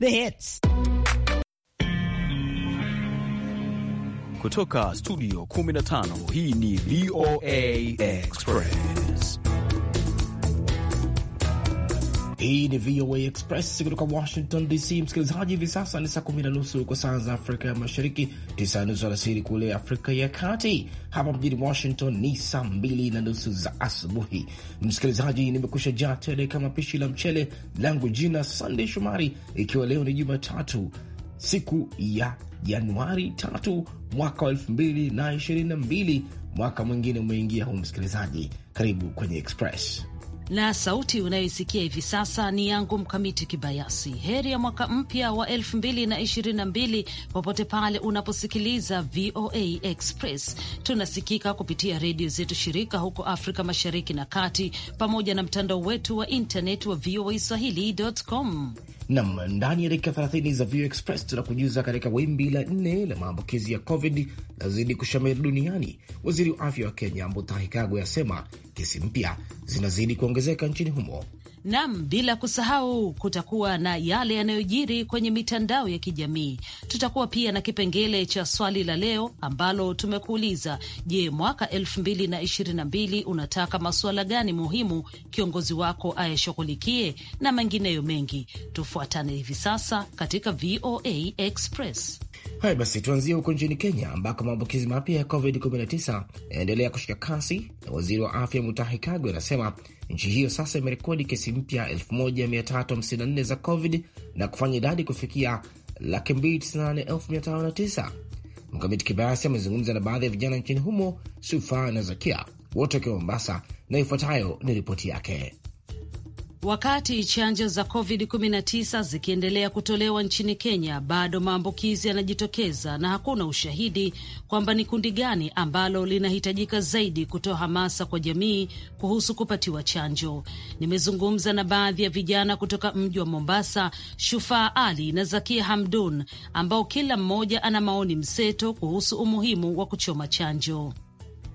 The hits. Kutoka studio 15 hii ni VOA Express. Hii ni VOA Express kutoka Washington DC. Msikilizaji, hivi sasa ni saa kumi na nusu kwa saa za Afrika ya Mashariki, tisa nusu alasiri kule Afrika ya Kati. Hapa mjini Washington ni saa mbili na nusu za asubuhi. Msikilizaji, nimekusha jaa tele kama pishi la mchele langu. Jina Sandey Shomari, ikiwa leo ni Jumatatu siku ya Januari tatu mwaka wa elfu mbili na ishirini na mbili. Mwaka mwingine umeingia huu, msikilizaji, karibu kwenye Express na sauti unayoisikia hivi sasa ni yangu Mkamiti Kibayasi. Heri ya mwaka mpya wa 2022 popote pale unaposikiliza VOA Express. Tunasikika kupitia redio zetu shirika huko Afrika Mashariki na Kati, pamoja na mtandao wetu wa intaneti wa voa swahilicom Nam, ndani ya dakika 30 za VOA Express tunakujuza katika wimbi la nne la maambukizi ya COVID lazidi kushamiri duniani. Waziri wa afya wa Kenya Mutahi Kagwe asema kesi mpya zinazidi kuongezeka nchini humo. Nam, bila kusahau kutakuwa na yale yanayojiri kwenye mitandao ya kijamii. Tutakuwa pia na kipengele cha swali la leo ambalo tumekuuliza: Je, mwaka elfu mbili na ishirini na mbili unataka masuala gani muhimu kiongozi wako ayashughulikie? Na mengineyo mengi. Tufuatane hivi sasa katika VOA Express. Haya basi, tuanzie huko nchini Kenya ambako maambukizi mapya ya COVID-19 yanaendelea kushika kasi na waziri wa afya Mutahi Kagwe anasema nchi hiyo sasa imerekodi kesi mpya 1354 za COVID na kufanya idadi kufikia laki mbili Mkamiti Kibayasi amezungumza na baadhi ya vijana nchini humo, Sufa na Zakia, wote wakiwa Mombasa, na ifuatayo ni ripoti yake. Wakati chanjo za COVID-19 zikiendelea kutolewa nchini Kenya, bado maambukizi yanajitokeza na hakuna ushahidi kwamba ni kundi gani ambalo linahitajika zaidi kutoa hamasa kwa jamii kuhusu kupatiwa chanjo. Nimezungumza na baadhi ya vijana kutoka mji wa Mombasa, Shufaa Ali na Zakia Hamdun, ambao kila mmoja ana maoni mseto kuhusu umuhimu wa kuchoma chanjo.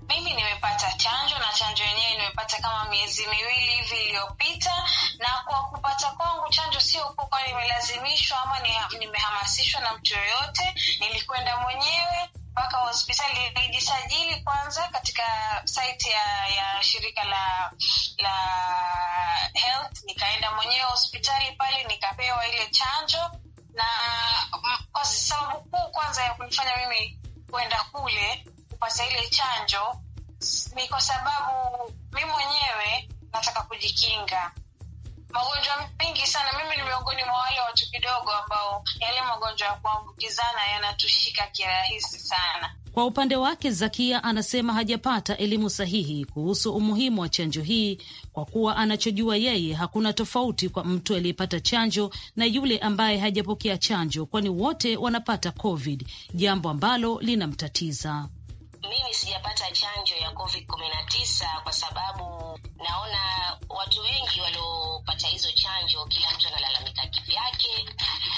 Mimi nimepata chanjo chanjo yenyewe nimepata kama miezi miwili hivi iliyopita, na kwa kupata kwangu chanjo sio kuwa nimelazimishwa ama nimehamasishwa na mtu yoyote, nilikwenda mwenyewe mpaka hospitali ilijisajili kwanza katika site ya, ya shirika la la health. Nikaenda mwenyewe hospitali pale nikapewa ile chanjo, na mm, kwa sababu kuu kwanza ya kunifanya mimi kwenda kule kupata ile chanjo ni kwa sababu mi mwenyewe nataka kujikinga magonjwa mengi sana. Mimi ni miongoni mwa wale watu kidogo ambao yale magonjwa ya kuambukizana yanatushika kirahisi sana. Kwa upande wake Zakia anasema hajapata elimu sahihi kuhusu umuhimu wa chanjo hii, kwa kuwa anachojua yeye hakuna tofauti kwa mtu aliyepata chanjo na yule ambaye hajapokea chanjo, kwani wote wanapata COVID, jambo ambalo linamtatiza mimi sijapata chanjo ya COVID kumi na tisa kwa sababu naona watu wengi waliopata hizo chanjo, kila mtu analalamika kivyake.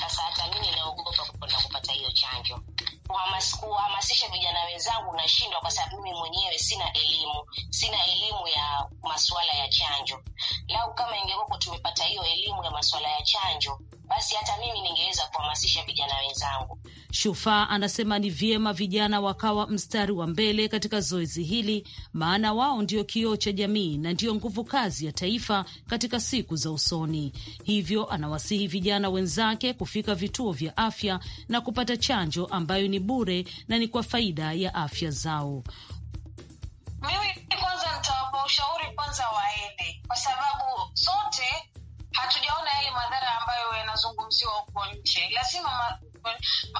Sasa hata mimi naogopa kwenda kupata hiyo chanjo kuhamasisha vijana wenzangu nashindwa, kwa sababu mimi mwenyewe sina elimu, sina elimu ya masuala ya chanjo. Lau kama ingekuwa tumepata hiyo elimu ya masuala ya chanjo, basi hata mimi ningeweza kuhamasisha vijana wenzangu. Shufaa anasema ni vyema vijana wakawa mstari wa mbele katika zoezi hili, maana wao ndio kioo cha jamii na ndiyo nguvu kazi ya taifa katika siku za usoni. Hivyo anawasihi vijana wenzake kufika vituo vya afya na kupata chanjo ambayo ni bure na ni kwa faida ya afya zao. Mimi kwanza nitawapa ushauri kwanza waende, kwa sababu sote hatujaona yale madhara ambayo yanazungumziwa huko nje. Lazima ma,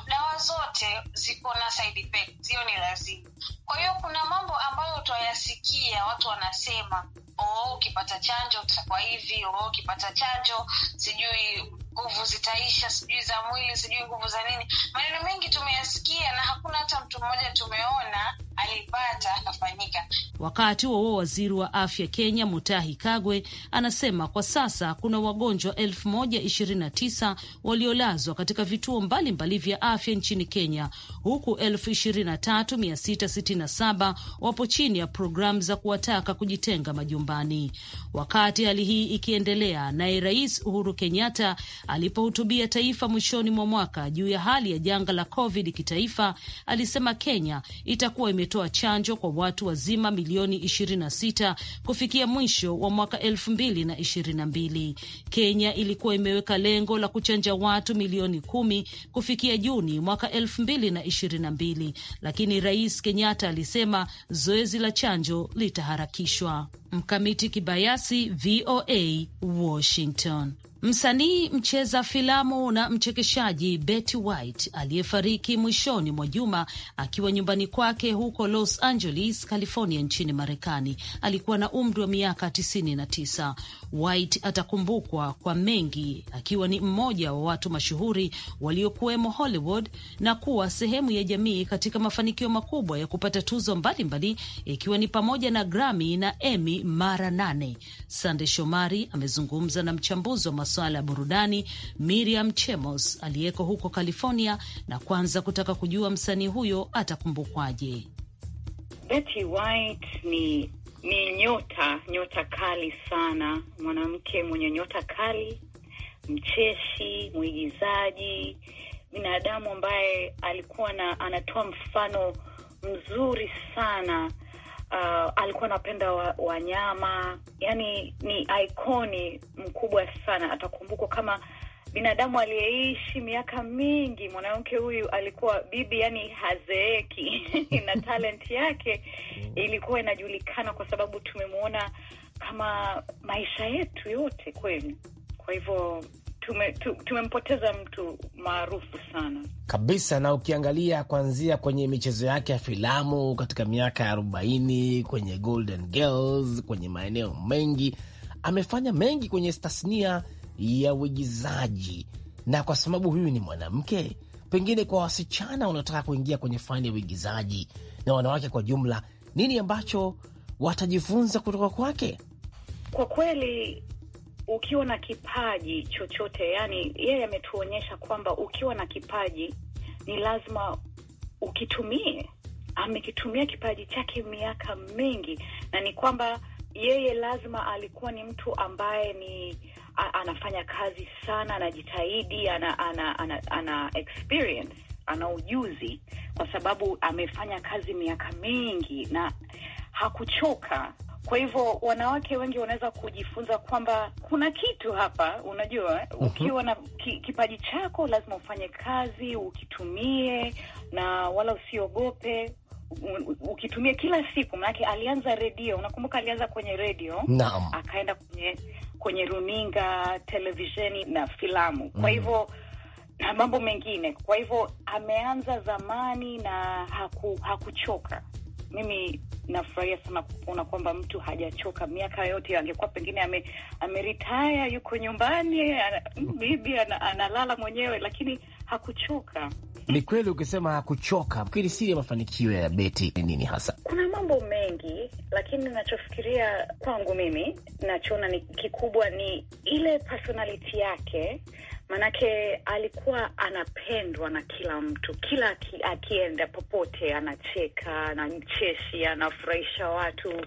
dawa zote ziko na side effects, hiyo ni lazima. Kwa hiyo kuna mambo ambayo utayasikia watu wanasema, oh, ukipata chanjo utakuwa hivi, oh, ukipata chanjo sijui nguvu zitaisha, sijui za mwili, sijui nguvu za nini. Maneno mengi tumeyasikia na hakuna hata mtu mmoja tumeona alipata akafanyika. Wakati huo huo, waziri wa afya Kenya Mutahi Kagwe anasema kwa sasa kuna wagonjwa elfu moja ishirini na tisa waliolazwa katika vituo mbalimbali vya afya nchini Kenya, huku elfu ishirini na tatu mia sita sitini na saba wapo chini ya programu za kuwataka kujitenga majumbani. Wakati hali hii ikiendelea, naye Rais Uhuru Kenyatta Alipohutubia taifa mwishoni mwa mwaka juu ya hali ya janga la COVID kitaifa, alisema Kenya itakuwa imetoa chanjo kwa watu wazima milioni 26 kufikia mwisho wa mwaka 2022. Kenya ilikuwa imeweka lengo la kuchanja watu milioni kumi kufikia Juni mwaka 2022, lakini Rais Kenyatta alisema zoezi la chanjo litaharakishwa. Mkamiti Kibayasi, VOA, Washington. Msanii mcheza filamu na mchekeshaji Betty White aliyefariki mwishoni mwa juma akiwa nyumbani kwake huko Los Angeles, California nchini Marekani alikuwa na umri wa miaka 99 wit White atakumbukwa kwa mengi akiwa ni mmoja wa watu mashuhuri waliokuwemo Hollywood na kuwa sehemu ya jamii katika mafanikio makubwa ya kupata tuzo mbalimbali ikiwa ni pamoja na Grammy na Emmy mara nane. Sande Shomari amezungumza na mchambuzi wa masuala ya burudani Miriam Chemos aliyeko huko California, na kwanza kutaka kujua msanii huyo atakumbukwaje. Betty White ni ni nyota nyota kali sana, mwanamke mwenye nyota kali, mcheshi, mwigizaji, binadamu ambaye alikuwa na anatoa mfano mzuri sana uh, alikuwa anapenda wanyama wa yani ni ikoni mkubwa sana, atakumbukwa kama binadamu aliyeishi miaka mingi. Mwanamke huyu alikuwa bibi, yani hazeeki na talent yake mm. ilikuwa inajulikana kwa sababu tumemwona kama maisha yetu yote kweli. Kwa hivyo tumempoteza tume mtu maarufu sana kabisa. Na ukiangalia kuanzia kwenye michezo yake ya filamu katika miaka ya arobaini, kwenye Golden Girls, kwenye maeneo mengi amefanya mengi kwenye tasnia ya uigizaji, na kwa sababu huyu ni mwanamke, pengine kwa wasichana wanaotaka kuingia kwenye fani ya uigizaji na wanawake kwa jumla, nini ambacho watajifunza kutoka kwake? Kwa kweli ukiwa na kipaji chochote, yani yeye ametuonyesha kwamba ukiwa na kipaji ni lazima ukitumie. Amekitumia kipaji chake miaka mingi, na ni kwamba yeye lazima alikuwa ni mtu ambaye ni a, anafanya kazi sana, anajitahidi, ana, ana, ana, ana experience, ana ujuzi, kwa sababu amefanya kazi miaka mingi na hakuchoka kwa hivyo wanawake wengi wanaweza kujifunza kwamba kuna kitu hapa, unajua mhm. ukiwa na ki, kipaji chako lazima ufanye kazi ukitumie, na wala usiogope ukitumia kila siku, manake alianza redio. Unakumbuka alianza kwenye redio, naam, akaenda kwenye kwenye runinga, televisheni na filamu. Kwa mhm. hivyo na mambo mengine. Kwa hivyo ameanza zamani na haku, hakuchoka mimi nafurahia sana kuona kwamba mtu hajachoka miaka yote. Angekuwa pengine ame, ameritaya yuko nyumbani bibi ana, analala mwenyewe, lakini hakuchoka. Ni kweli ukisema hakuchoka. Fikiri siri ya mafanikio ya Beti ni nini hasa? Kuna mambo mengi, lakini nachofikiria kwangu mimi, nachoona ni kikubwa ni ile personality yake Manake alikuwa anapendwa na kila mtu, kila aki, akienda popote anacheka, na mcheshi, anafurahisha watu.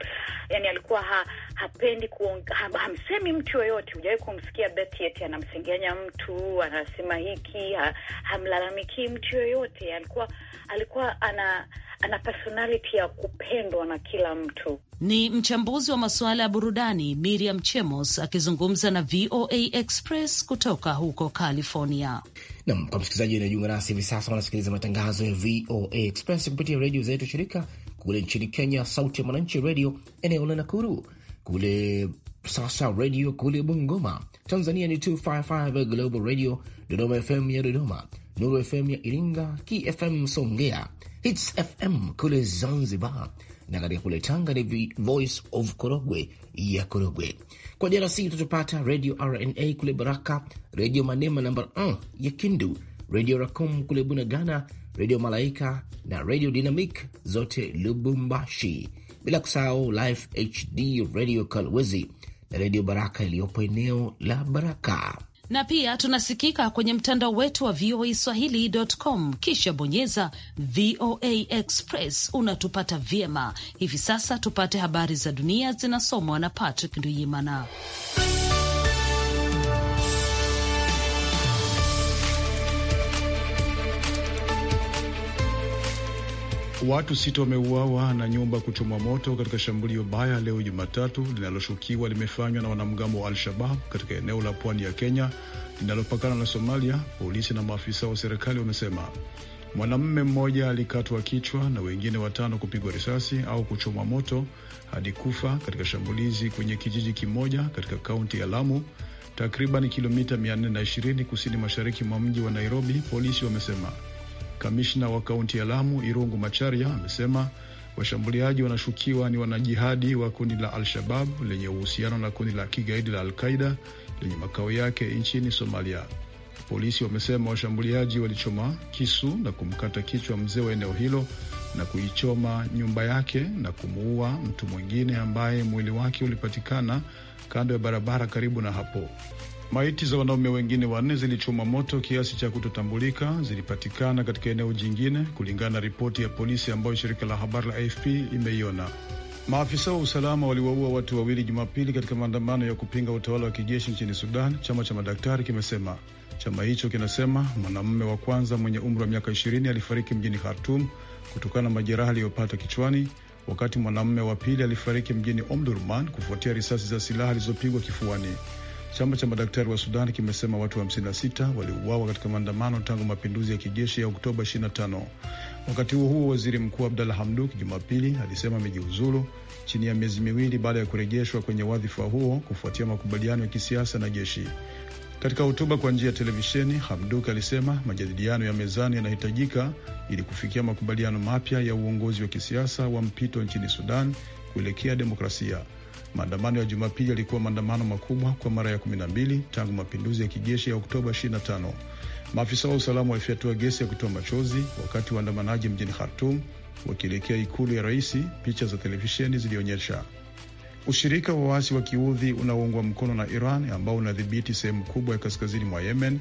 Yani alikuwa ha, hapendi ha, hamsemi mtu yoyote. hujawai kumsikia Betty eti anamsengenya mtu, anasema hiki ha, hamlalamikii mtu yoyote. Alikuwa alikuwa ana ana personality ya kupendwa na kila mtu. Ni mchambuzi wa masuala ya burudani Miriam Chemos akizungumza na VOA Express kutoka huko California. Nam kwa msikilizaji inayojiunga nasi hivi sasa, wanasikiliza matangazo ya VOA Express kupitia redio zetu shirika kule nchini Kenya, Sauti ya Mwananchi redio eneo la Nakuru, kule sasa redio kule Bungoma. Tanzania ni 255 Global Radio, Dodoma FM ya Dodoma, Nuru FM ya Iringa, KFM Songea, Hits FM kule Zanzibar, na katika kule Tanga ni Voice of Korogwe ya Korogwe. Kwa DRC utatupata Radio RNA kule Baraka, Radio Manema namba 1 ya Kindu, Radio Racom kule Bunagana, Radio Malaika na Radio Dynamic zote Lubumbashi, bila kusahau life HD Radio Kalwezi na Radio Baraka iliyopo eneo la Baraka na pia tunasikika kwenye mtandao wetu wa VOA Swahili.com, kisha bonyeza VOA Express, unatupata vyema. Hivi sasa tupate habari za dunia zinasomwa na Patrick Nduyimana. Watu sita wameuawa na nyumba kuchomwa moto katika shambulio baya leo Jumatatu linaloshukiwa limefanywa na wanamgambo wa Al-Shabab katika eneo la pwani ya Kenya linalopakana na Somalia, polisi na maafisa wa serikali wamesema. Mwanamume mmoja alikatwa kichwa na wengine watano kupigwa risasi au kuchomwa moto hadi kufa katika shambulizi kwenye kijiji kimoja katika kaunti ya Lamu, takriban kilomita 420 kusini mashariki mwa mji wa Nairobi, polisi wamesema. Kamishna wa kaunti ya Lamu Irungu Macharia amesema washambuliaji wanashukiwa ni wanajihadi wa kundi la Al-Shabab lenye uhusiano na kundi la kigaidi la Al-Qaida lenye makao yake nchini Somalia. Polisi wamesema washambuliaji walichoma kisu na kumkata kichwa mzee wa eneo hilo na kuichoma nyumba yake na kumuua mtu mwingine ambaye mwili wake ulipatikana kando ya barabara karibu na hapo. Maiti za wanaume wengine wanne zilichoma moto kiasi cha kutotambulika zilipatikana katika eneo jingine, kulingana na ripoti ya polisi ambayo shirika la habari la AFP imeiona. Maafisa wa usalama waliwaua watu wawili Jumapili katika maandamano ya kupinga utawala wa kijeshi nchini Sudan, chama cha madaktari kimesema. Chama hicho kinasema mwanamume wa kwanza mwenye umri wa miaka 20 alifariki mjini Khartum kutokana na majeraha aliyopata kichwani, wakati mwanamume wa pili alifariki mjini Omdurman kufuatia risasi za silaha zilizopigwa kifuani. Chama cha madaktari wa Sudan kimesema watu 56 waliuawa katika maandamano tangu mapinduzi ya kijeshi ya Oktoba 25. Wakati huo huo, waziri mkuu Abdalla Hamduk Jumapili alisema amejiuzulu chini ya miezi miwili baada ya kurejeshwa kwenye wadhifa huo kufuatia makubaliano ya kisiasa na jeshi. Katika hotuba kwa njia ya televisheni, Hamduk alisema majadiliano ya mezani yanahitajika ili kufikia makubaliano mapya ya uongozi wa kisiasa wa mpito nchini Sudan kuelekea demokrasia. Maandamano ya Jumapili yalikuwa maandamano makubwa kwa mara ya 12 tangu mapinduzi ya kijeshi ya Oktoba 25. Maafisa wa usalama walifyatua gesi ya kutoa machozi wakati waandamanaji mjini Khartum wakielekea ikulu ya rais, picha za televisheni zilionyesha. Ushirika wa waasi wa kiudhi unaoungwa mkono na Iran ambao unadhibiti sehemu kubwa ya kaskazini mwa Yemen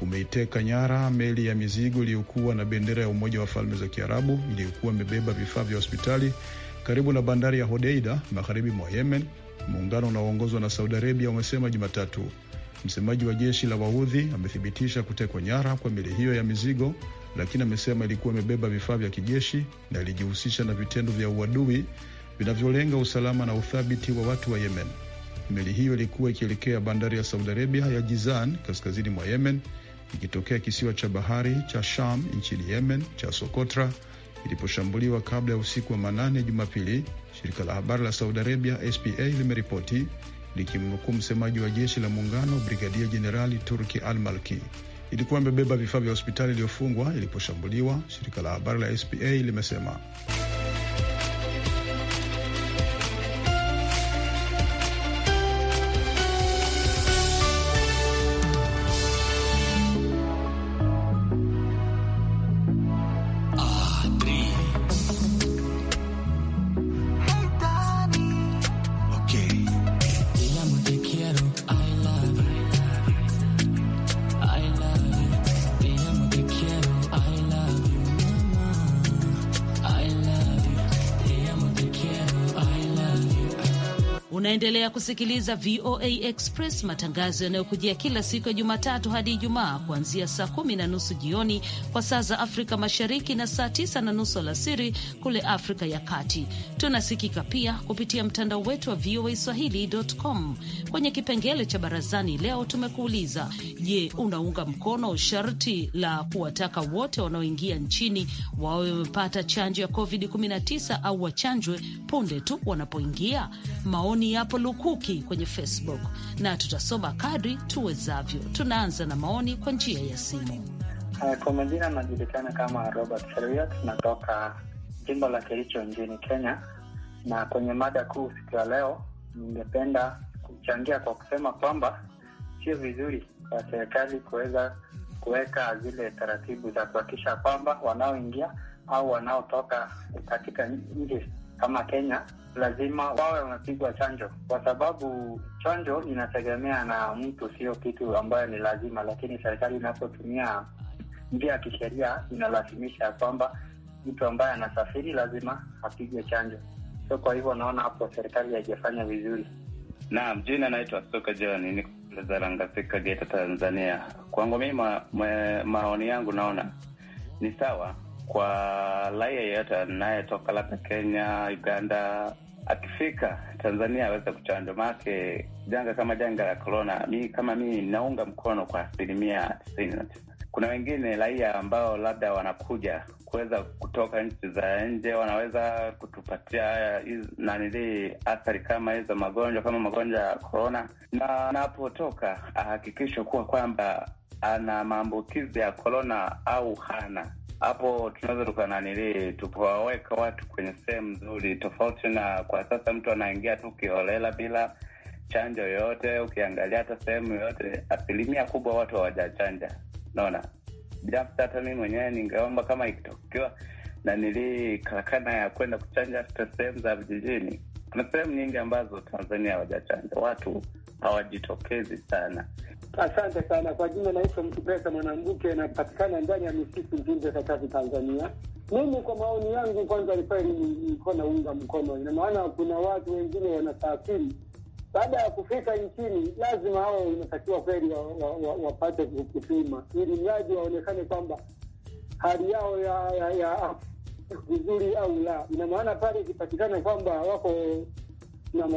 umeiteka nyara meli ya mizigo iliyokuwa na bendera ya Umoja wa Falme za Kiarabu iliyokuwa imebeba vifaa vya hospitali karibu na bandari ya Hodeida magharibi mwa Yemen, muungano unaoongozwa na Saudi Arabia umesema Jumatatu. Msemaji wa jeshi la Waudhi amethibitisha kutekwa nyara kwa meli hiyo ya mizigo, lakini amesema ilikuwa imebeba vifaa vya kijeshi na ilijihusisha na vitendo vya uadui vinavyolenga usalama na uthabiti wa watu wa Yemen. Meli hiyo ilikuwa ikielekea bandari ya Saudi Arabia ya Jizan kaskazini mwa Yemen, ikitokea kisiwa cha bahari cha Sham nchini Yemen cha Sokotra iliposhambuliwa kabla ya usiku wa manane Jumapili, shirika la habari la Saudi Arabia SPA limeripoti likimnukuu msemaji wa jeshi la muungano Brigadia Jenerali Turki Al Malki. Ilikuwa imebeba vifaa vya hospitali iliyofungwa iliposhambuliwa, shirika la habari la SPA limesema. Unaendelea kusikiliza VOA Express, matangazo yanayokujia kila siku ya Jumatatu hadi Ijumaa kuanzia saa kumi na nusu jioni kwa saa za Afrika Mashariki na saa tisa na nusu alasiri kule Afrika ya Kati. Tunasikika pia kupitia mtandao wetu wa VOA Swahili.com. Kwenye kipengele cha barazani leo tumekuuliza, je, unaunga mkono sharti la kuwataka wote wanaoingia nchini wawe wamepata chanjo ya COVID-19 au wachanjwe punde tu wanapoingia? maoni yapo lukuki kwenye Facebook na tutasoma kadri tuwezavyo. Tunaanza na maoni kwa njia ya simu. Eh, kwa majina anajulikana kama Robert Seriot, natoka jimbo la Kericho nchini Kenya, na kwenye mada kuu siku ya leo ningependa kuchangia kwa kusema kwamba sio vizuri kwa serikali kuweza kuweka zile taratibu za kuhakikisha kwamba wanaoingia au wanaotoka katika nchi kama Kenya lazima wawe wamepigwa chanjo, kwa sababu chanjo inategemea na mtu, sio kitu ambayo ni lazima. Lakini serikali inapotumia njia ya kisheria inalazimisha ya kwamba mtu ambaye anasafiri lazima apigwe chanjo. So kwa hivyo naona hapo serikali haijafanya vizuri. Naam, jina naitwa Soka John, niko Langasika, Kagera, Tanzania. Kwangu mimi, maoni yangu naona ni sawa kwa raia yeyote anayetoka labda Kenya, Uganda, akifika Tanzania aweze kuchanjwa, maanake janga kama janga la korona, mi kama mii naunga mkono kwa asilimia tisini na tisa. Kuna wengine raia ambao labda wanakuja kuweza kutoka nchi za nje, wanaweza kutupatia nanilii athari kama hizo magonjwa kama magonjwa ya korona, na anapotoka ahakikishwe kuwa kwamba ana maambukizi ya korona au hana hapo tunaweza tukananilii tukawaweka watu kwenye sehemu nzuri, tofauti na kwa sasa mtu anaingia tu kiholela bila chanjo yoyote. Ukiangalia hata sehemu yoyote, asilimia kubwa watu hawajachanja. Naona binafsi, hata mimi mwenyewe ningeomba kama ikitokiwa na nili karakana ya kwenda kuchanja hata sehemu za vijijini. Kuna sehemu nyingi ambazo Tanzania hawajachanja watu hawajitokezi sana. Asante sana kwa jina, naitwa Mtupesa Mwanambuke, anapatikana ndani ya misitu Njunje, Katavi, Tanzania. Mimi kwa maoni yangu, kwanza nilikuwa naunga mkono. Ina maana kuna watu wengine wanasafiri baada ya kufika nchini, lazima hao inatakiwa kweli wapate wa, wa, wa kupima, ili mradi waonekane kwamba hali yao ya, ya, ya vizuri au la. Ina maana pale ikipatikana kwamba wako na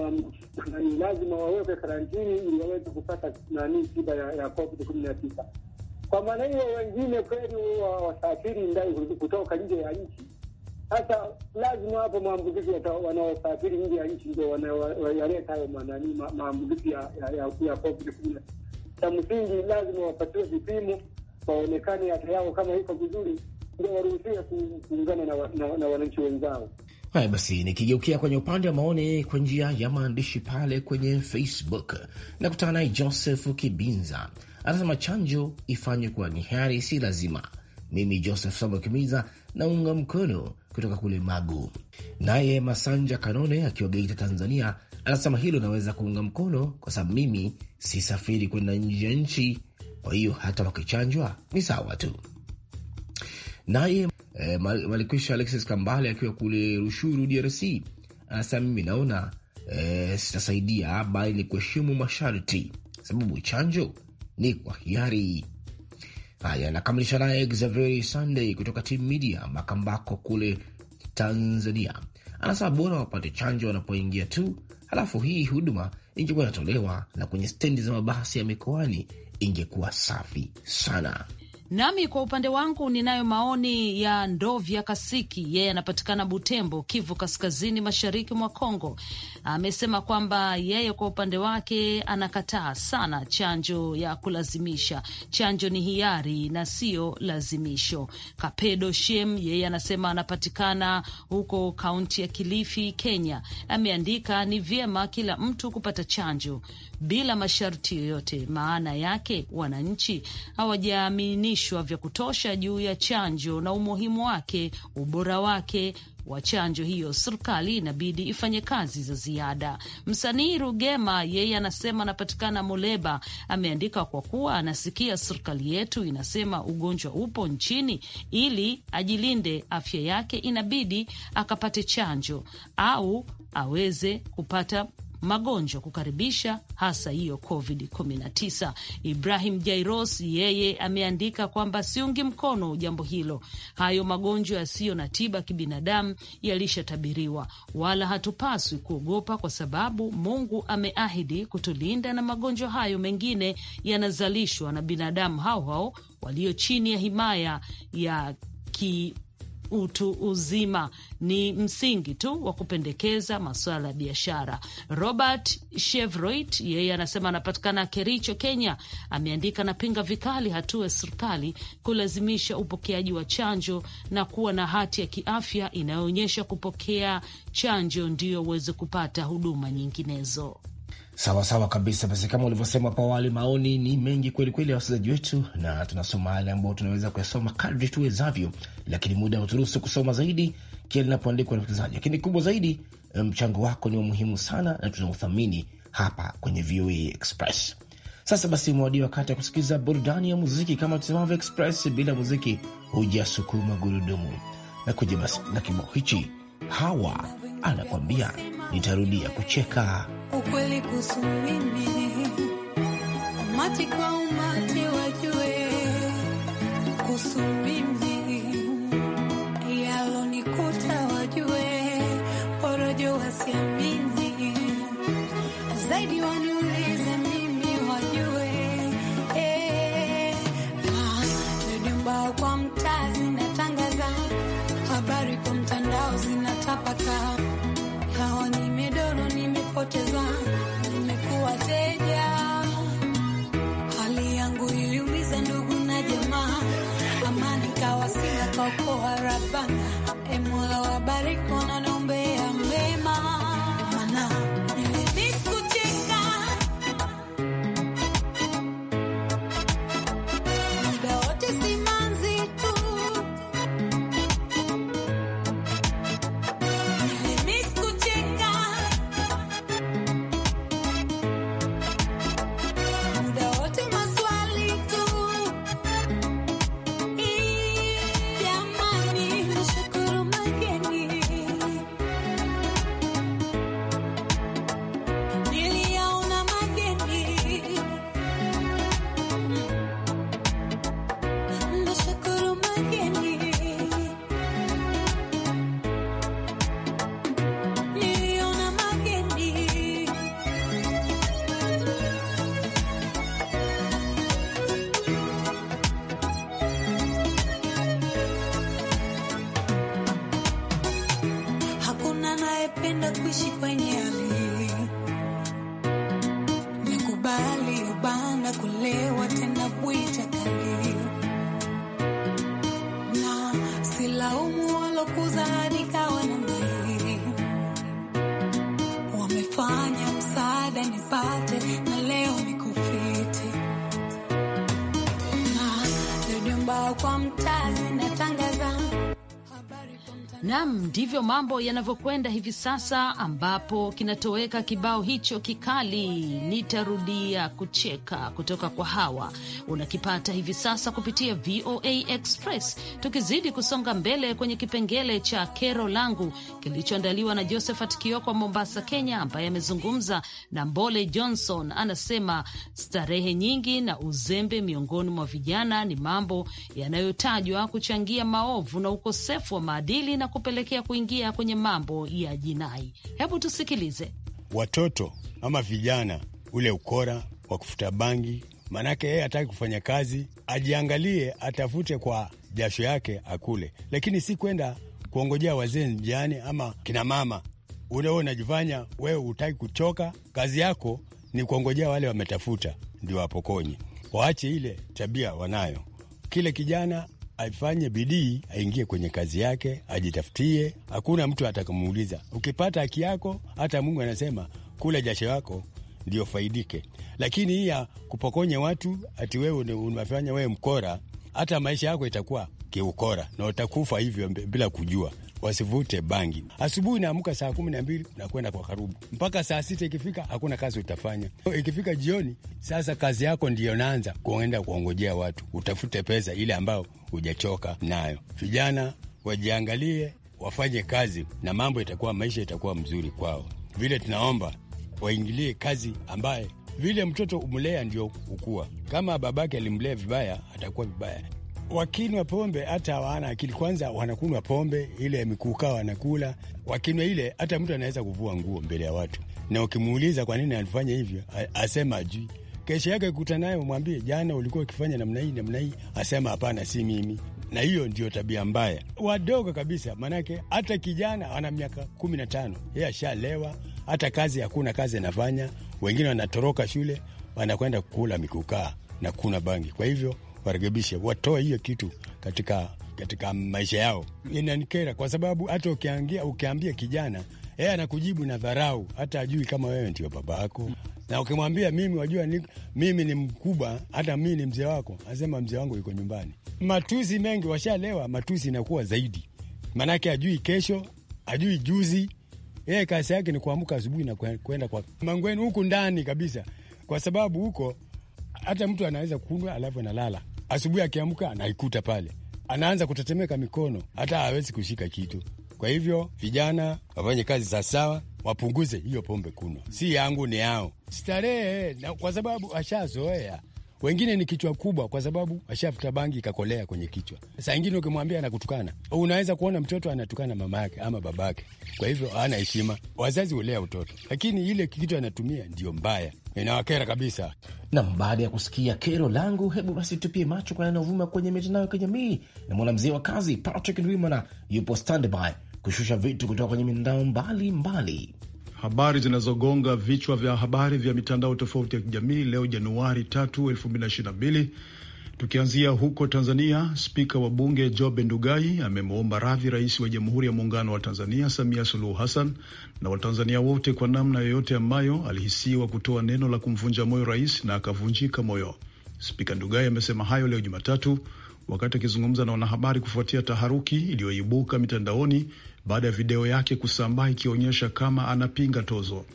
na ni lazima wawekwe karantini ili waweze kupata nani tiba ya, ya COVID kumi na tisa. Kwa maana hiyo wengine kweli wasafiri ndani kutoka nje ya nchi. Sasa lazima hapo maambukizi wanaosafiri nje ya nchi ndio wanayaleta hayo manani maambukizi ya, ya, ya, ya COVID kumi na tisa. Cha msingi lazima wapatiwe vipimo, waonekane afya yao kama iko vizuri, ndio waruhusiwe kuungana na, na, na wananchi wenzao. Haya basi, nikigeukia kwenye upande wa maoni kwa njia ya maandishi pale kwenye Facebook na kutana naye Joseph Kibinza, anasema chanjo ifanywe kwa hiari, si lazima. Mimi Joseph Kibinza naunga mkono kutoka kule Magu. Naye Masanja Kanone akiwa Geita, Tanzania, anasema hilo naweza kuunga mkono kwa sababu mimi sisafiri kwenda nje ya nchi, kwa hiyo hata wakichanjwa ni sawa tu. Naye e, malikwisha Alexis Kambale akiwa kule Rushuru, DRC, anasema mimi naona e, sitasaidia bali ni kuheshimu masharti, sababu chanjo ni kwa hiari. Haya, nakamilisha naye Xaveri Sunday kutoka Team Media Makambako kule Tanzania, anasema bora wapate chanjo wanapoingia tu, halafu hii huduma ingekuwa inatolewa na kwenye stendi za mabasi ya mikoani ingekuwa safi sana. Nami kwa upande wangu ninayo maoni ya Ndovya Kasiki, yeye anapatikana Butembo, Kivu Kaskazini, mashariki mwa Kongo. Amesema kwamba yeye kwa upande wake anakataa sana chanjo ya kulazimisha. Chanjo ni hiari na siyo lazimisho. Kapedo Shem yeye anasema anapatikana huko kaunti ya Kilifi, Kenya. Ameandika ni vyema kila mtu kupata chanjo bila masharti yoyote, maana yake wananchi hawajaamini kuelimishwa vya kutosha juu ya chanjo na umuhimu wake, ubora wake wa chanjo hiyo, serikali inabidi ifanye kazi za ziada. Msanii Rugema yeye anasema anapatikana Muleba, ameandika kwa kuwa anasikia serikali yetu inasema ugonjwa upo nchini, ili ajilinde afya yake inabidi akapate chanjo au aweze kupata magonjwa kukaribisha, hasa hiyo COVID-19. Ibrahim Jairos yeye ameandika kwamba siungi mkono jambo hilo. Hayo magonjwa yasiyo na tiba kibinadamu yalishatabiriwa, wala hatupaswi kuogopa, kwa sababu Mungu ameahidi kutulinda na magonjwa hayo mengine yanazalishwa na binadamu hao hao walio chini ya himaya ya ki utu uzima ni msingi tu wa kupendekeza masuala ya biashara. Robert Chevroit yeye anasema anapatikana Kericho, Kenya, ameandika anapinga vikali hatua ya serikali kulazimisha upokeaji wa chanjo na kuwa na hati ya kiafya inayoonyesha kupokea chanjo ndiyo uweze kupata huduma nyinginezo. Sawasawa sawa kabisa. Basi kama ulivyosema hapo awali, maoni ni mengi kweli kweli ya wasikilizaji wetu, na tunasoma yale ambayo tunaweza kuyasoma kadri tuwezavyo, lakini muda turusu kusoma zaidi kile linapoandikwa na wasikilizaji. Lakini kubwa zaidi, mchango wako ni wa muhimu sana na tunauthamini hapa kwenye VOA Express. Sasa basi, umewadia wakati ya kusikiliza burudani ya muziki. Kama tusemavyo Express, bila muziki hujasukuma gurudumu. Na kuja basi na kibao hichi, Hawa anakwambia nitarudia kucheka. Ukweli kuhusu mimi, umati kwa umati wajue kuhusu mimi anayependa kuishi kwenye hali nikubali ubana kulewa tena kuita kali Nam, ndivyo mambo yanavyokwenda hivi sasa, ambapo kinatoweka kibao hicho kikali, nitarudia kucheka kutoka kwa Hawa. Unakipata hivi sasa kupitia VOA Express, tukizidi kusonga mbele kwenye kipengele cha kero langu kilichoandaliwa na Josephat Kioko wa Mombasa, Kenya, ambaye amezungumza na Mbole Johnson. Anasema starehe nyingi na uzembe miongoni mwa vijana ni mambo yanayotajwa kuchangia maovu na ukosefu wa maadili na kupelekea kuingia kwenye mambo ya jinai. Hebu tusikilize. Watoto ama vijana, ule ukora wa kufuta bangi, maanake yeye hataki kufanya kazi, ajiangalie, atafute kwa jasho yake akule, lakini si kwenda kuongojea wazee njiani ama kinamama. Unawe unajifanya wewe hutaki kuchoka, kazi yako ni kuongojea wale wametafuta ndio wapokonye. Waache ile tabia wanayo. Kile kijana afanye bidii, aingie kwenye kazi yake, ajitafutie. Hakuna mtu atakamuuliza. Ukipata haki yako, hata Mungu anasema kula jasho yako ndio faidike. Lakini hii ya kupokonya watu ati wewe unafanya wewe mkora, hata maisha yako itakuwa kiukora na utakufa hivyo bila kujua wasivute bangi. Asubuhi naamka saa kumi na mbili nakwenda kwa karubu mpaka saa sita. Ikifika hakuna kazi utafanya. Ikifika jioni, sasa kazi yako ndiyo naanza kuenda kuongojea watu, utafute pesa ile ambayo hujachoka nayo. Vijana wajiangalie, wafanye kazi na mambo itakuwa, maisha itakuwa mzuri kwao. Vile tunaomba waingilie kazi ambaye vile mtoto umlea ndio ukua. Kama babake alimlea vibaya, atakuwa vibaya wakinywa pombe hata hawana akili. Kwanza wanakunywa pombe ile ya mikuka, wanakula wakinywa ile, hata mtu anaweza kuvua nguo mbele ya watu, na ukimuuliza kwa nini alifanya hivyo, asema ajui. Kesho yake kuta naye umwambie, jana ulikuwa ukifanya namna hii namna hii, asema hapana, si mimi. Na hiyo ndio tabia mbaya, wadogo kabisa. Maanake hata kijana ana miaka kumi na tano yeye ashalewa, hata kazi hakuna kazi anafanya. Wengine wanatoroka shule wanakwenda kula mikukaa na kuna bangi, kwa hivyo warekebishe, watoe hiyo kitu katika katika maisha yao. Inanikera kwa sababu hata ukiangia ukiambia kijana yeye anakujibu na dharau, hata ajui kama wewe ndio baba yako. Na ukimwambia mimi, wajua ni, mimi ni mkubwa, hata mimi ni mzee wako, anasema mzee wangu yuko nyumbani. Matusi mengi washalewa, matusi inakuwa zaidi, maanake ajui kesho, ajui juzi. Yeye kazi yake ni kuamka asubuhi na kwenda kwa mangweni huku ndani kabisa, kwa sababu huko hata mtu anaweza kunywa alafu analala Asubuhi akiamka anaikuta pale, anaanza kutetemeka mikono, hata hawezi kushika kitu. Kwa hivyo vijana wafanye kazi sawasawa, wapunguze hiyo pombe kunwa. Si yangu ni yao, starehe, kwa sababu ashazoea wengine ni kichwa kubwa, kwa sababu ashafuta bangi ikakolea kwenye kichwa. Saa ingine ukimwambia anakutukana, unaweza kuona mtoto anatukana mama yake ama babake, kwa hivyo hana heshima. Wazazi hulea utoto, lakini ile kitu anatumia ndiyo mbaya, inawakera kabisa. Nam, baada ya kusikia kero langu, hebu basi tupie macho kwa yanayovuma kwenye mitandao ya kijamii. Namwona mzee wa kazi Patrick Ndwimana yupo standby kushusha vitu kutoka kwenye mitandao mbalimbali. Habari zinazogonga vichwa vya habari vya mitandao tofauti ya kijamii leo Januari 3, 2022. Tukianzia huko Tanzania, spika wa bunge Job Ndugai amemwomba radhi rais wa Jamhuri ya Muungano wa Tanzania Samia Suluhu Hassan na Watanzania wote kwa namna yoyote ambayo alihisiwa kutoa neno la kumvunja moyo rais na akavunjika moyo. Spika Ndugai amesema hayo leo Jumatatu wakati akizungumza na wanahabari kufuatia taharuki iliyoibuka mitandaoni baada ya video yake kusambaa ikionyesha kama anapinga tozo.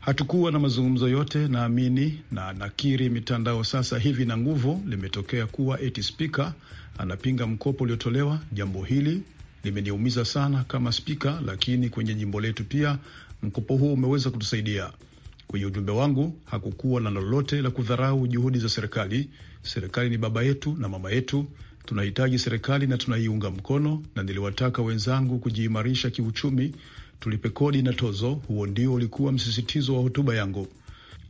Hatukuwa na mazungumzo yote, naamini na nakiri, mitandao sasa hivi na nguvu, limetokea kuwa eti spika anapinga mkopo uliotolewa. Jambo hili limeniumiza sana kama spika, lakini kwenye jimbo letu pia mkopo huo umeweza kutusaidia. Kwenye ujumbe wangu hakukuwa na lolote la kudharau juhudi za serikali. Serikali ni baba yetu na mama yetu, Tunahitaji serikali na tunaiunga mkono, na niliwataka wenzangu kujiimarisha kiuchumi, tulipe kodi na tozo. Huo ndio ulikuwa msisitizo wa hotuba yangu.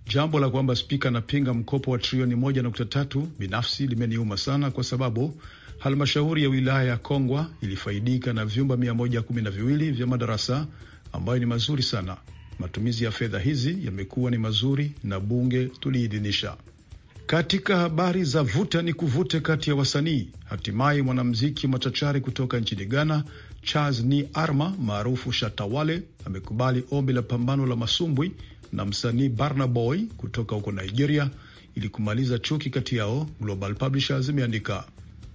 Jambo la kwamba spika anapinga mkopo wa trilioni moja nukta tatu binafsi limeniuma sana, kwa sababu halmashauri ya wilaya ya Kongwa ilifaidika na vyumba mia moja kumi na viwili vya madarasa ambayo ni mazuri sana. Matumizi ya fedha hizi yamekuwa ni mazuri na bunge tuliidhinisha. Katika habari za vuta ni kuvute kati ya wasanii, hatimaye mwanamuziki machachari kutoka nchini Ghana Charles Ni Arma maarufu Shatawale amekubali ombi la pambano la masumbwi na msanii barnaboy kutoka huko Nigeria ili kumaliza chuki kati yao. Global Publishers imeandika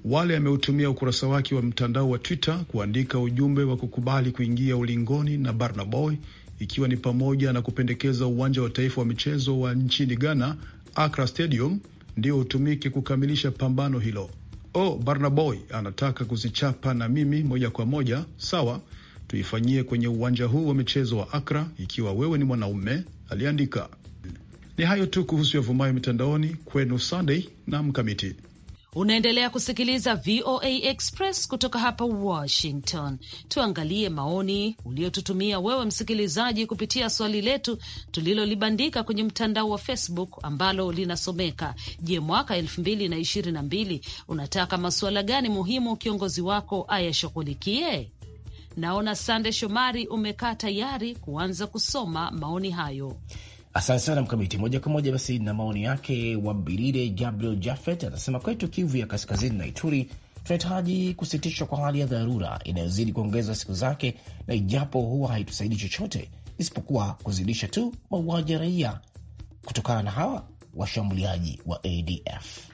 wale ameutumia ukurasa wake wa mtandao wa Twitter kuandika ujumbe wa kukubali kuingia ulingoni na barnaboy ikiwa ni pamoja na kupendekeza uwanja wa taifa wa michezo wa nchini Ghana Accra Stadium ndio hutumiki kukamilisha pambano hilo. O oh, Barnaboy anataka kuzichapa na mimi moja kwa moja. Sawa, tuifanyie kwenye uwanja huu wa michezo wa Accra ikiwa wewe ni mwanaume, aliandika. Ni hayo tu kuhusu yavumayo mitandaoni kwenu Sunday na Mkamiti. Unaendelea kusikiliza VOA Express kutoka hapa Washington. Tuangalie maoni uliotutumia wewe msikilizaji kupitia swali letu tulilolibandika kwenye mtandao wa Facebook ambalo linasomeka: Je, mwaka elfu mbili na ishirini na mbili unataka masuala gani muhimu kiongozi wako ayashughulikie? Naona Sande Shomari umekaa tayari kuanza kusoma maoni hayo. Asante sana Mkamiti. Moja kwa moja basi na maoni yake, Wabirire Gabriel Jaffet anasema kwetu Kivu ya Kaskazini na Ituri tunahitaji kusitishwa kwa hali ya dharura inayozidi kuongeza siku zake, na ijapo huwa haitusaidi chochote isipokuwa kuzidisha tu mauaji ya raia kutokana na hawa washambuliaji wa ADF.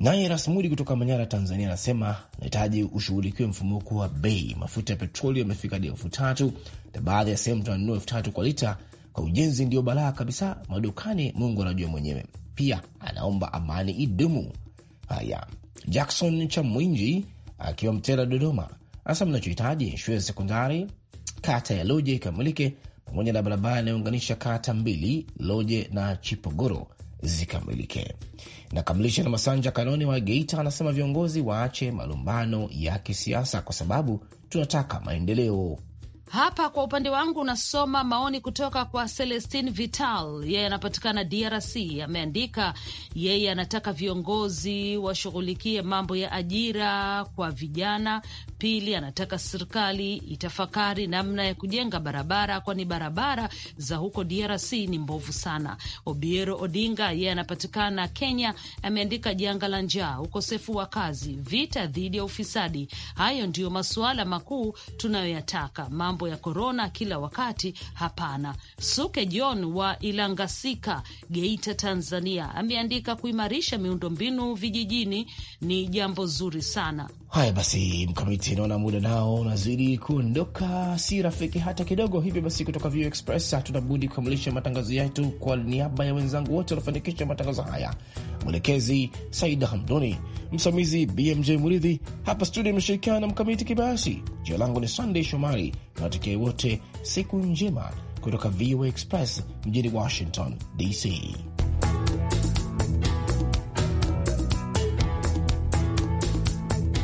Naye Rasmudi kutoka Manyara, Tanzania, anasema nahitaji ushughulikiwe mfumuko wa bei. Mafuta ya petroli yamefika hadi elfu tatu na baadhi ya sehemu tunanunua elfu tatu kwa lita kwa ujenzi ndio balaa kabisa madukani, Mungu anajua mwenyewe. Pia anaomba amani idumu. Haya, Jackson Chamwinji akiwa Mtera, Dodoma, hasa mnachohitaji shule ya sekondari kata ya Loje ikamilike pamoja na barabara inayounganisha kata mbili Loje na Chipogoro zikamilike. Nakamilisha na Masanja Kanoni wa Geita anasema viongozi waache malumbano ya kisiasa, kwa sababu tunataka maendeleo hapa kwa upande wangu unasoma maoni kutoka kwa Celestin Vital, yeye anapatikana DRC. Ameandika yeye anataka viongozi washughulikie mambo ya ajira kwa vijana. Pili, anataka serikali itafakari namna ya kujenga barabara, kwani barabara za huko DRC ni mbovu sana. Obiero Odinga, yeye anapatikana Kenya, ameandika janga la njaa, ukosefu wa kazi, vita dhidi ya ufisadi. Hayo ndiyo masuala makuu tunayoyataka mambo ya korona kila wakati, hapana. Suke John wa Ilangasika, Geita, Tanzania ameandika kuimarisha miundombinu vijijini ni jambo zuri sana Haya basi, Mkamiti, naona muda nao unazidi kuondoka, si rafiki hata kidogo. Hivyo basi, kutoka VOA Express budi kukamilisha matangazo yetu. Kwa niaba ya wenzangu wote waliofanikisha matangazo haya, mwelekezi Saida Hamduni, msimamizi BMJ Muridhi, hapa studio imeshirikiana na Mkamiti Kibayasi. Jina langu ni sandey Shomari na wote siku njema, kutoka VOA Express mjini Washington DC.